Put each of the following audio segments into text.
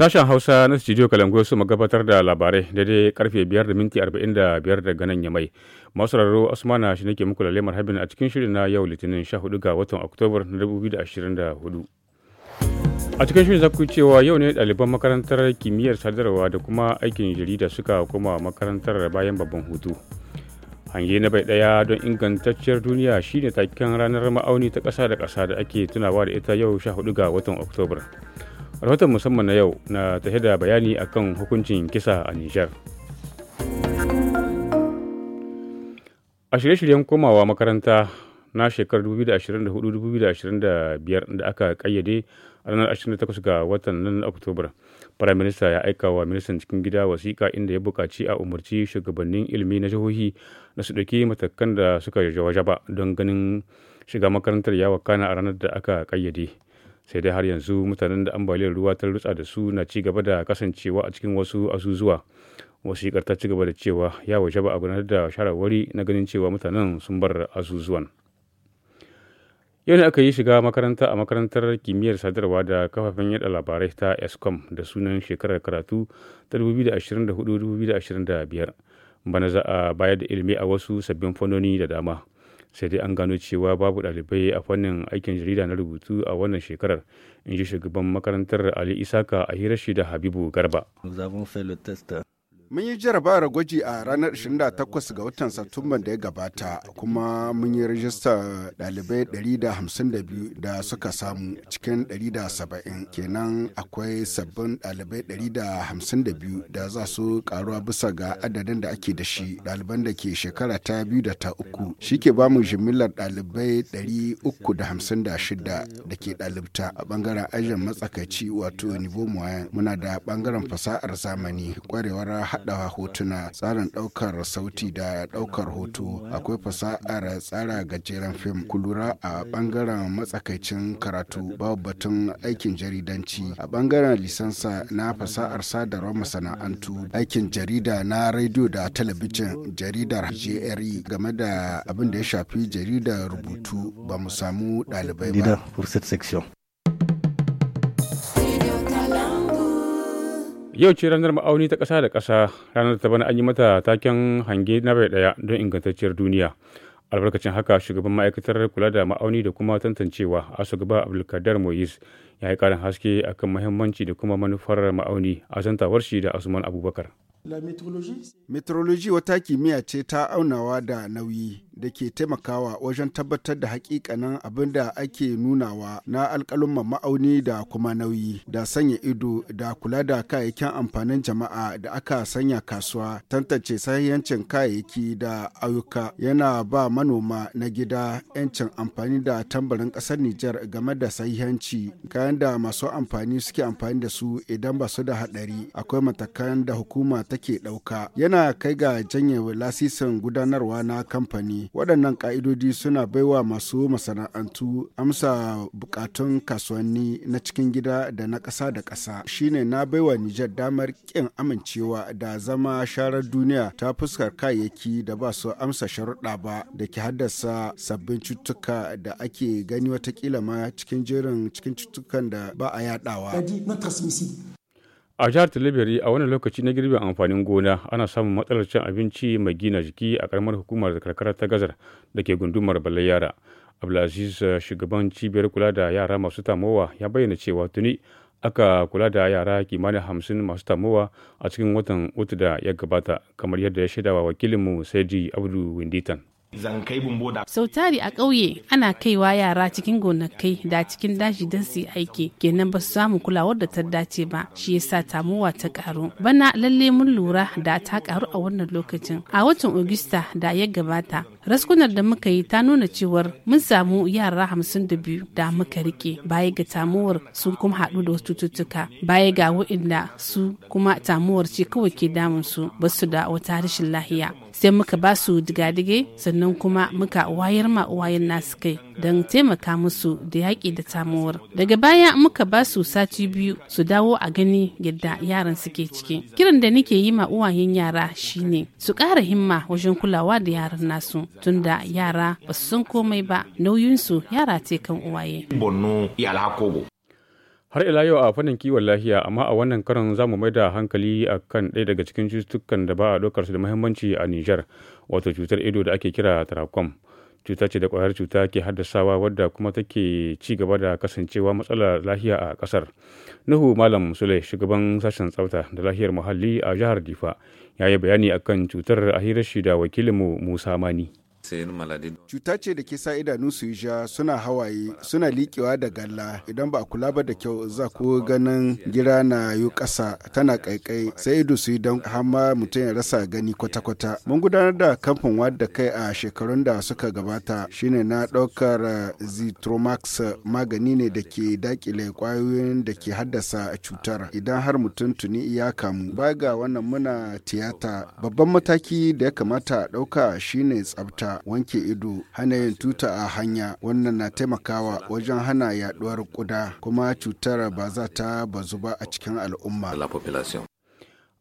Sashen Hausa na Studio Kalangoyo su gabatar da labarai daidai karfe 5 da minti 45 daga nan yamai. Masu raro Asmana shi nake muku lemar marhabin a cikin shirin na yau Litinin 14 ga watan Oktobar 2024. A cikin shirin zaku cewa yau ne ɗaliban makarantar kimiyyar sadarwa da kuma aikin jarida suka koma makarantar bayan babban hutu. hange na bai ɗaya don ingantacciyar duniya shine taken ranar ma'auni ta ƙasa da ƙasa da ake tunawa da ita yau 14 ga watan oktobar rahoton musamman na yau na tafi da bayani akan hukuncin kisa a nijar a shirye-shiryen komawa makaranta na shekarar 2024 da aka kayyade a ranar 28 ga watan nan oktobar firaminista ya aika wa ministan cikin gida wasiƙa inda ya buƙaci a umarci shugabannin ilimi na jihohi da su ɗauki matakan da suka wajaba don ganin shiga makarantar ya kana a ranar da aka kayyade sai dai har yanzu mutanen da ambaliyar ruwa ta rutsa da su na ci gaba da kasancewa a cikin wasu asusuwa wasiƙar ta ci gaba da cewa ya waje ba a gudanar da shararwari na ganin cewa mutanen sun bar azuzuwan. yau ne aka yi shiga makaranta a makarantar kimiyyar sadarwa da kafafen yada labarai ta escom da sunan shekarar karatu ta 2024-2025 bana za a bayar da ilimi a wasu sabbin fannoni da dama sai dai an gano cewa babu ɗalibai a fannin aikin jarida na rubutu a wannan shekarar in ji shugaban makarantar ali isaka a hirashi da habibu garba Mun yi jarabawar gwaji a ranar 28 ga watan Satumba da ya gabata kuma mun yi rajista ɗalibai 152 da suka samu cikin 170 kenan akwai sabbin ɗalibai 152 da za su karuwa bisa ga adadin da ake da shi ɗaliban da ke shekara ta biyu da ta uku shi ke ba mu jimillar ɗalibai 356 da ke ɗalibta a bangaren ajin matsakaici wato nivo muna da bangaren fasahar zamani kwarewar haɗa hotuna tsarin ɗaukar sauti da ɗaukar hoto akwai fasa'ar tsara gajeren fim kulura a ɓangaren matsakaicin karatu babu batun aikin jaridanci a ɓangaren lisansa na fasahar sadarwar masana'antu aikin jarida na rediyo da talabijin jaridar jre game da abin da ya shafi jaridar rubutu ba mu samu ɗalibai ba Yau ce ranar ma'auni ta ƙasa da ƙasa ranar ta bana an yi mata taken hange na bai ɗaya don ingantacciyar duniya. Albarkacin haka shugaban ma'aikatar kula da ma'auni da kuma tantancewa a shugaba Abdulkadar moyes ya yi ƙarin haske akan mahimmanci da kuma manufar ma'auni a zantawar shi da Asuman Abubakar. Metrology wata kimiyya ce ta aunawa da nauyi da ke taimakawa wajen tabbatar da hakikanin abin da ake nunawa na alkalumman ma'auni da kuma nauyi da sanya ido da kula da kayayyakin amfanin jama'a da aka sanya kasuwa tantance sahihancin kayayyaki da ayyuka yana ba manoma na gida 'yancin amfani da tambarin ƙasar Nijar game da sahihanci kayan da masu amfani suke amfani da su idan ba su da haɗari akwai matakan da hukuma ta ke ɗauka yana kai ga janye lasisin gudanarwa na kamfani waɗannan ƙa'idodi suna baiwa masu masana'antu amsa bukatun kasuwanni na cikin gida da na ƙasa da ƙasa shine na baiwa Nijar damar ƙin amincewa da zama sharar duniya ta fuskar kayayyaki da ba su amsa sharuɗa ba da ke haddasa sabbin cututtuka da ake gani watakila ma cikin jerin cikin cututtukan da ba a yaɗawa. A jihar tilibiri a wani lokaci na girbin amfanin gona ana samun matsalar cin abinci mai gina jiki a karamar hukumar karkara ta gazar da ke gundumar Balayyara. Abdulaziz eh, shugaban cibiyar kula da yara masu tamowa ya bayyana cewa tuni aka kula da yara kimanin hamsin masu tamowa a cikin watan uku da ya gabata kamar yadda ya shaidawa wakilinmu Saidi Abdu Winditan. zankai bumbo da. Sau tari a ƙauye ana kaiwa yara cikin gonakai da cikin daji don su yi aiki kenan ba su samu kulawar da ta dace ba shi yasa tamuwa ta ƙaru Bana lalle mun lura da ta karu a wannan lokacin. A watan Ogista da ya gabata raskunar da muka yi ta nuna cewar mun samu yara hamsin da biyu da muka rike baya ga tamuwar sun kuma haɗu da wasu cututtuka baya ga wa'inda su kuma tamuwar ce kawai ke damun su basu da wata rashin lahiya. sai muka ba su digadige sannan kuma muka wayar ma wayan nasu kai don taimaka musu da yaƙi da tamuwar daga baya muka ba su sati biyu su dawo a gani yadda yaran suke ciki kiran da nake yi ma uwayen yara shine su ƙara himma wajen kulawa da yaran nasu tunda yara ba su san komai ba nauyinsu yara ce kan uwaye bonno ya alhakobo Har ila yau a fannin kiwon lafiya, amma a wannan karon za mu mai da hankali a kan ɗaya daga cikin cututtukan da ba a ɗaukar su da muhimmanci a Nijar, wato cutar ido da ake kira tarakom. Cuta ce da ƙwayar cuta ke haddasawa wadda kuma take ci gaba da kasancewa matsalar lafiya a ƙasar. Nuhu Malam Sule, shugaban sashen tsafta da lafiyar muhalli a jihar Difa, ya yi bayani akan cutar a hirar shi da wakilinmu Musa Mani. Cuta ce da ke sa idanu su yi ja suna hawaye suna liƙewa da galla idan ba a kula ba da kyau za ku ganin gira na yi ƙasa tana ƙaiƙai sai ido su yi don hama mutum ya rasa gani kwata-kwata. Mun gudanar da kamfan wadda kai a shekarun da suka gabata shine na ɗaukar eh, zitromax magani ne da ke daƙile ƙwayoyin da ke haddasa cutar idan har mutum tuni ya kamu. Ba ga wannan muna tiyata babban mataki da ya kamata a ɗauka shine tsabta. wanke ido hana yin tuta a hanya wannan na taimakawa wajen hana yaduwar kuda kuma cutar ba za ta bazu ba a cikin al'umma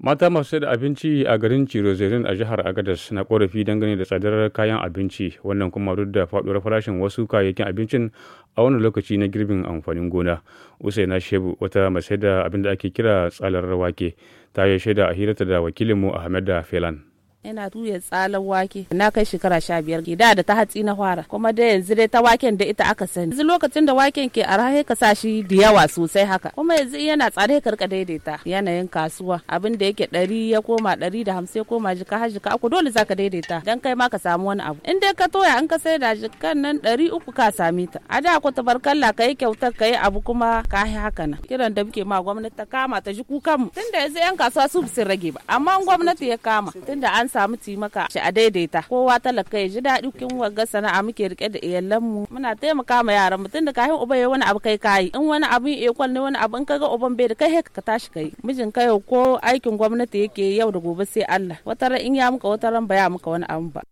mata masu da abinci a garin cirozerin a jihar agadas na korafi dangane da tsadar kayan abinci wannan kuma duk da faduwar farashin wasu kayayyakin abincin a wani lokaci na girbin amfanin gona usaina shebu wata mai da abin da ake kira tsalar wake ta yi shaida a hirata da wakilinmu ahmed felan Ina tuya tsalan wake. Na kai shekara sha biyar gida da ta hatsi na fara. Kuma da yanzu dai ta waken da ita aka sani. Yanzu lokacin da waken ke arha ka sa shi da yawa sosai haka. Kuma yanzu yana tsada ka daidaita yanayin kasuwa. Abin da yake ɗari ya koma ɗari da hamsin ya koma jika har jika uku dole zaka daidaita. Dan kai ma ka samu wani abu. In dai ka toya in ka sai da jikan nan ɗari uku ka sami ta. A da ku tabarkalla ka yi kyautar ka yi abu kuma ka yi haka nan. Kiran da muke ma gwamnati ta kama ta ji mu Tunda yanzu 'yan kasuwa su rage ba. Amma gwamnati ya kama. Tunda an an samu taimaka shi a daidaita kowa talaka ya ji daɗi kin waga sana'a muke rike da iyalan mu muna taimaka ma yaran mutum da kayan uba ya wani abu kai kai in wani abu ya kwal wani abu in kaga uban bai da kai haka ka tashi kai mijin kai ko aikin gwamnati yake yau da gobe sai Allah ran in ya muka wataran ba ya muka wani abu ba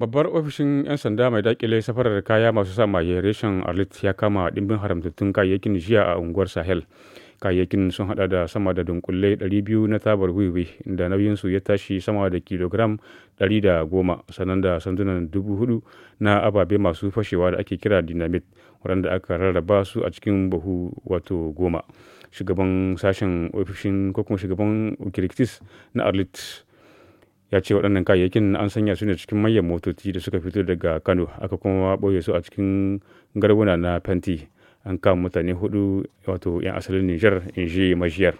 babbar ofishin 'yan sanda mai dakile safarar kaya masu sa maye reshen arlit ya kama dimbin haramtattun kayayyakin jiya a unguwar sahel kayayyakin sun hada da sama da dunkule 200 na tabar wiwi da nauyinsu ya tashi sama da kilogram 110 sannan da sandunan 4,000 na ababe masu fashewa da ake kira dinamit waɗanda aka rarraba su a cikin buhu wato goma shugaban sashen ofishin ko kuma shugaban kirkitis na arlit ya ce waɗannan kayayyakin an sanya su ne cikin manyan motoci da suka fito daga kano aka kuma ɓoye su a cikin garwuna na fenti an kama mutane hudu wato 'yan asalin nijar in ji majiyar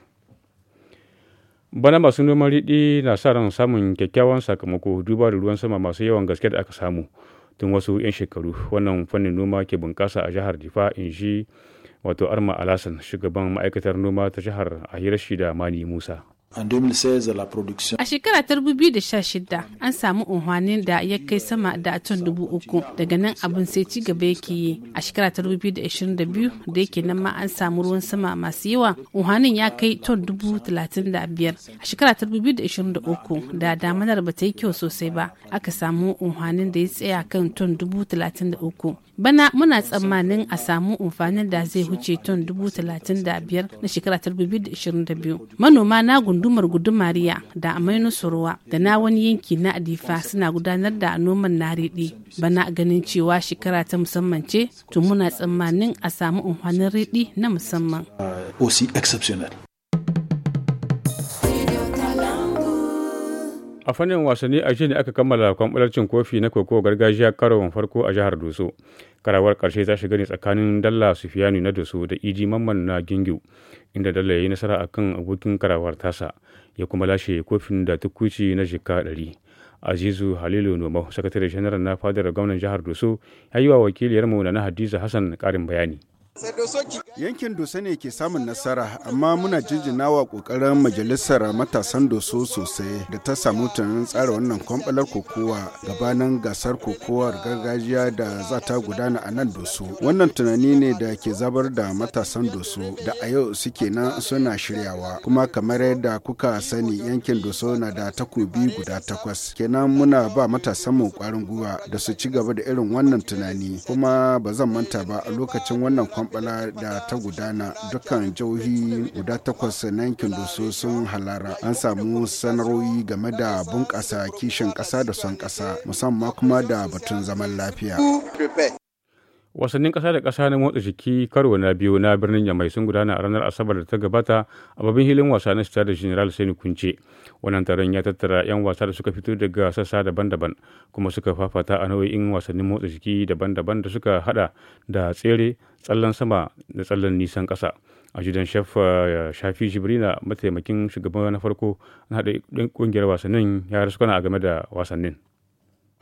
bana masu noman riɗi na sa ran samun kyakkyawan sakamako duba da ruwan sama masu yawan gaske da aka samu tun wasu 'yan shekaru wannan fannin noma ke bunƙasa a jihar difa in ji wato arma alasan shugaban ma'aikatar noma ta jihar a hirashi da mani musa A shekara ta 2016 an samu unhwanin da ya kai sama da ton dubu uku daga nan abin sai ci gaba yake yi a shekara ta 2022 da yake nan ma an samu ruwan sama masu yawa unhwanin ya kai ton dubu talatin da biyar a shekara ta 2023 da damanar ba ta yi kyau sosai ba aka samu unhwanin da ya tsaya kan ton dubu talatin da uku bana muna tsammanin a samu unhwanin da zai huce ton dubu talatin da biyar na shekara ta 2022 manoma na gundu gundumar gudumariya da nusurwa da na wani yanki na adifa suna gudanar da noman nariɗi bana ganin cewa shekara ta musamman ce to muna tsammanin a samu amfanin riɗi na musamman ah, A fannin wasanni a ne aka kammala kwamɓalar kofi na koko gargajiya karon farko a jihar Doso. Karawar karshe ta shiga ne tsakanin Dalla Sufiyanu na Doso da Iji e Mamman na Gingiu, inda Dalla ya yi nasara a kan abokin karawar tasa, ya kuma lashe kofin da tukuci na jika ɗari. Azizu Halilu nomo sakatare shanar na fadar gwamnan jihar Doso, ya yi wa wakiliyarmu na Hadiza Hassan karin bayani. Yankin Doso ne ke samun nasara, amma muna jinjinawa kokarin majalisar matasan Doso sosai da ta samu tunanin tsara wannan kwamfalar kokowa gabanin gasar kokowar gargajiya da za ta gudana a nan Doso. Wannan tunani ne da ke zabar da matasan Doso da a yau suke nan suna shiryawa, kuma kamar yadda kuka sani yankin Doso na da takobi guda takwas. Kenan muna ba matasan mu kwarin gwiwa da su ci gaba da irin wannan tunani, kuma ba zan manta ba a lokacin wannan kwamfalar shambala da ta gudana dukkan jihohi guda takwas na yankin doso sun halara an samu sanarwoyi game da bunƙasa kishin ƙasa da son ƙasa musamman kuma da batun zaman lafiya wasannin ƙasa da kasa na motsa jiki karo na biyu na birnin yamai sun gudana a ranar asabar da ta gabata a babin hilin wasa na da general sani kunce wannan taron ya tattara 'yan wasa da suka fito daga sassa daban-daban kuma suka fafata a nau'in wasannin motsa jiki daban-daban da suka hada da tsere tsallan sama da tsallan nisan ƙasa a chef eh, shafi jibrina mataimakin shugaban na farko na haɗa ƙungiyar wasannin ya rasu a game da wasannin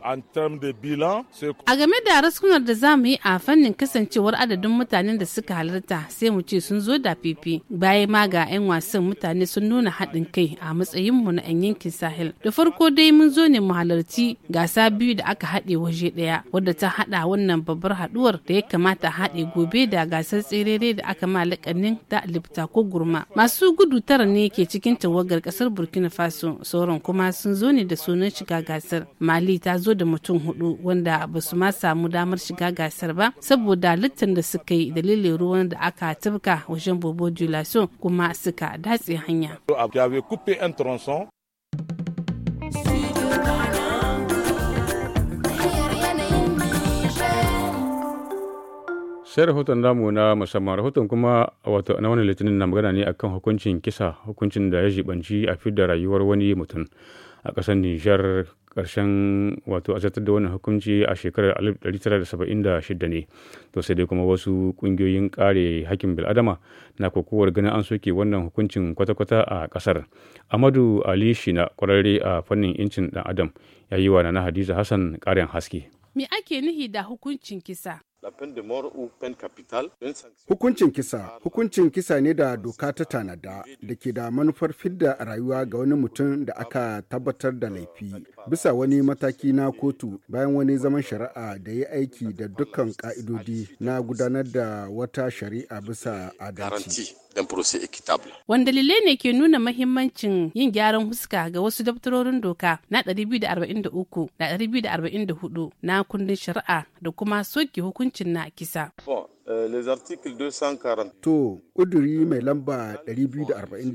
A game da raskunar da za mu yi a fannin kasancewar adadin mutanen da suka halarta sai mu ce sun zo da fifi bayan ma ga 'yan wasan mutane sun nuna haɗin kai a matsayinmu na 'yan yankin sahel. Da farko dai mun zo ne mu halarci gasa biyu da aka haɗe waje ɗaya wadda ta haɗa wannan babbar haɗuwar da ya kamata haɗe gobe da gasar tserere da aka ma lakanin da lifta ko gurma. Masu gudu tara ne ke cikin tawagar ƙasar Burkina Faso sauran kuma sun zo ne da sunan shiga gasar. Mali ta zo da mutum hudu wanda ba su ma samu damar shiga gasar ba saboda littin da suka yi dalilin ruwan da aka tafka wajen bobo julaso kuma suka datse hanya. sai rahoton namu na musamman rahoton kuma wato na wani litinin na magana ne akan hukuncin kisa hukuncin da ya jibanci a fidda rayuwar wani mutum a ƙasar nijar karshen wato a da wannan hukunci a shekarar 1976 ne to sai dai kuma wasu ƙungiyoyin kare hakkin bil'adama na kokowar ganin an soke wannan hukuncin kwata-kwata a ƙasar amadu ali shina ƙwararre a fannin incin dan adam ya yi wa na hadiza hassan ƙarin haske me ake nihi da hukuncin kisa Hukuncin kisa, hukuncin kisa ne da doka ta tanada da ke da manufar fidda rayuwa ga wani mutum da aka tabbatar da laifi bisa wani mataki na kotu bayan wani zaman shari'a da ya aiki da dukkan ka'idodi na gudanar da wata shari'a bisa adalci. Wani dalilai ne ke nuna mahimmancin yin gyaran huska ga wasu daftarorin doka na 243 da 244 na kundin shari'a da kuma soke hukuncin na kisa. Euh, les articles 240. To, ƙuduri mai lamba 243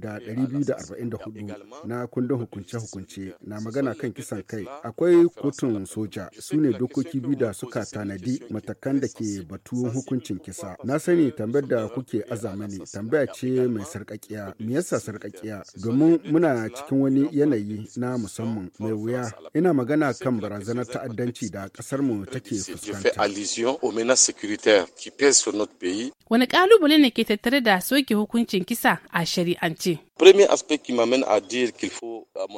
da 244 na kundin hukunce-hukunce na magana kan kisan kai. Akwai kotun soja su ne dokoki biyu da suka tanadi matakan da ke batu hukuncin kisa. Na sani tambayar da kuke azama ne, tambaya ce mai sarƙaƙiya. Me yasa sarƙaƙiya? Domin muna cikin wani yanayi na musamman mai wuya. Ina magana kan barazanar ta'addanci da ƙasarmu take fuskanta. qui pèse sur notre pays Wani kalubale ne ke tattare da soke hukuncin kisa a shari'ance?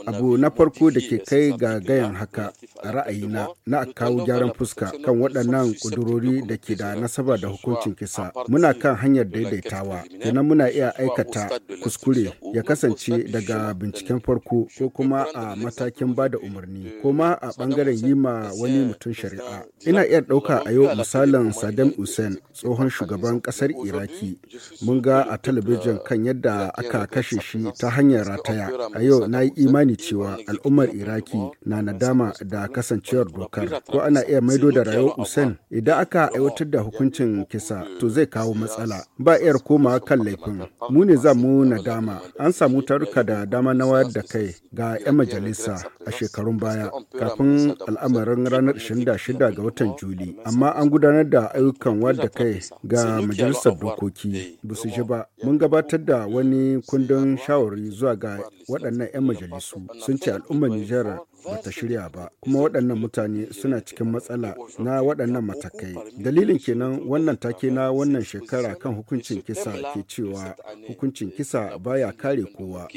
Abu na farko da ke kai ga gayan haka a ra'ayina na kawo gyaran fuska kan waɗannan ƙudurori da ke da nasaba da hukuncin kisa. Muna kan hanyar daidaitawa, kenan muna iya aikata kuskure ya kasance daga binciken farko ko kuma a matakin ba da umarni, ko ma a ɓangaren yi ma wani mutum shari'a. Ina iya ɗauka a yau misalin Saddam Hussein tsohon shugaban ƙasa ƙasar Iraki. Mun ga a talabijin kan yadda aka kashe shi ta hanyar rataya. A yau na yi imani cewa al'ummar Iraki na nadama da kasancewar dokar. Ko ana iya maido da rayuwar usain idan aka aiwatar da hukuncin kisa to zai kawo matsala. Ba iyar koma kan laifin. Mu ne za mu nadama. An samu taruka da dama na wayar da kai ga 'yan majalisa a shekarun baya kafin al'amarin ranar 26 ga watan Juli. Amma an gudanar da ayyukan wadda kai ga majalisa majalisar dokoki ba su ji ba mun gabatar da wani kundin shawari zuwa ga waɗannan 'yan majalisu sun ce al'ummar nijar ba ta shirya ba kuma waɗannan mutane suna cikin matsala na waɗannan matakai dalilin kenan wannan take na wannan shekara kan hukuncin kisa ke cewa hukuncin eh, kisa baya kare kowa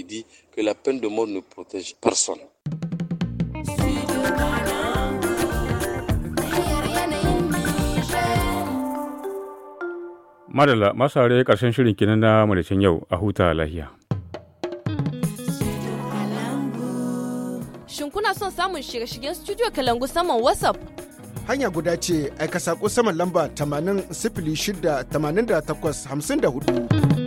Madalla masu ƙarshen shirin kinan na madashin yau a huta lahiya. Shin kuna son samun shirye-shiryen Studio Kalangu saman WhatsApp? Hanya guda ce aika saƙo saman lamba 80 68 54.